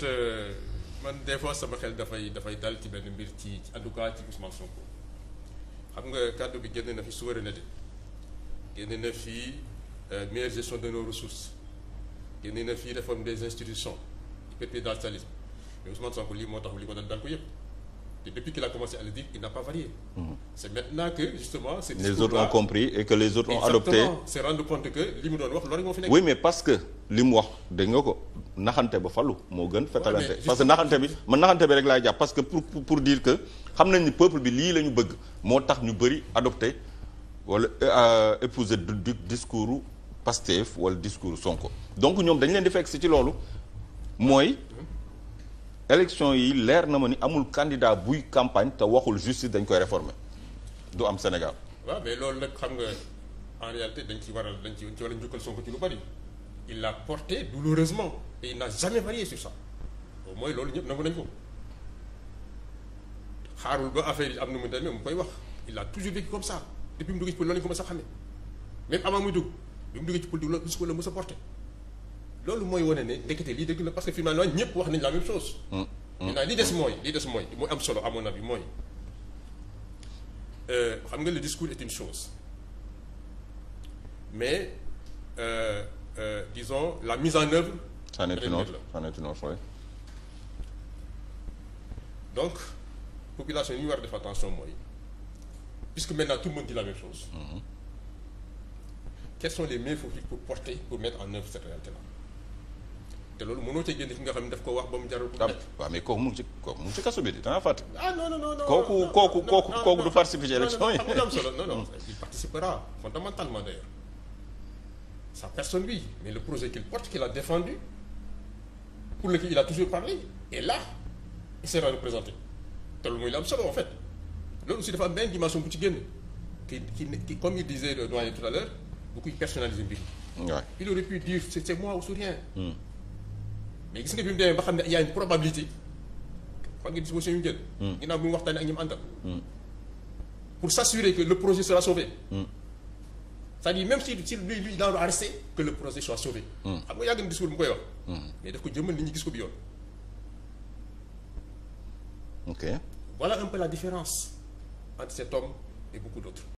fait euh, man des fois sama xel dafay dafay dal ci benn mbir ci en tout cas ci Ousmane Sonko xam nga kàddu bi génne na fi souveraineté génne na fi euh, meilleure gestion de nos ressources génne na fi réforme des institutions IPP dans le mais Ousmane Sonko lii moo tax li ko dal dal ko yëpp. Et depuis qu'il a commencé mm-hmm. Les autres ont compris et que les autres ont adopté. se rendre compte que li mu wax loolu moo fi nekk. mais parce que wax dégg ko naxante ba falu moo gën fetalante parce que naxante bi man naxante bi rek laay jàpp parce que pour pour dire que xam nañ ni peuple bi lii la ñu bëgg moo tax ñu bëri adopté wala euh, épouser du discours Pastef wala discours Sonko donc ñoom dañu leen di fekk si ci loolu mooy. élection yi leer na ma ni amul candidat buy campagne te waxul justice dañ koy réformer du am Sénégal. waaw mais loolu nag xam nga en réalité dañ ci waral dañ ci war a soo Sonko ci lu bari il l'a porté douloureusement et il n'a jamais yi sur ça au moins loolu ñëpp nangu nañ ko xaarul ba affaire yi am na mu demee mu koy wax il a toujours vécu comme ça depuis mu duggee ci politique loolu lañ ko mës a xamee muy dugg bi mu duggee ci politique loolu bis ko la mës a porté. loolu mooy wane ne ndekete lii dëgg la parce que finalement ñëpp wax nañ la même chose. Mm, mm. maintenant li des mooy li des mooy mooy am solo à mon avis mooy euh, xam nga le discours est une chose mais euh, euh, disons la mise en œuvre. c'en est une autre c'en est une autre oui. donc population yi ñu war a def attention mooy puisque maintenant tout le monde dit la même chose. Mm -hmm. quelles sont les mesures qu'il faut porter pour mettre en œuvre cette te loolu mënoo ca génn ki nga xam ne daf ko wax ba mu jaral ko. waaw mais kooku mu ngi kooku mu ngi kaso bi danga fàtte. ah non non non non kooku il participera fondamentalement d'ailleurs sa personne oui mais le projet qu'il porte qu'il a défendu pour lequel il a toujours parlé et là il sera représenté te loolu mooy la am solo en fait loolu aussi dafa am benn dimension bu ci génn ki ki comme il disait le doyen tout à l'heure bu kuy personnaliser mbir il aurait pu mais gis nga bi mu demee ba xam ne y a une probabilité xam nga disposition yu mu jël. Hmm. ginnaaw bi mu waxtaanee ak ñi mu àndal. pour s'assurer que le projet sera sauvé. Hmm. sa à dire même si si lui lui dans le arrêté que le projet soit sauvé. Hmm. xam nga yàgg na discours bu koy wax. mais daf ko jëmmal li ñu gis ko bi yoon. ok voilà un peu la différence entre cet homme et beaucoup d'autres.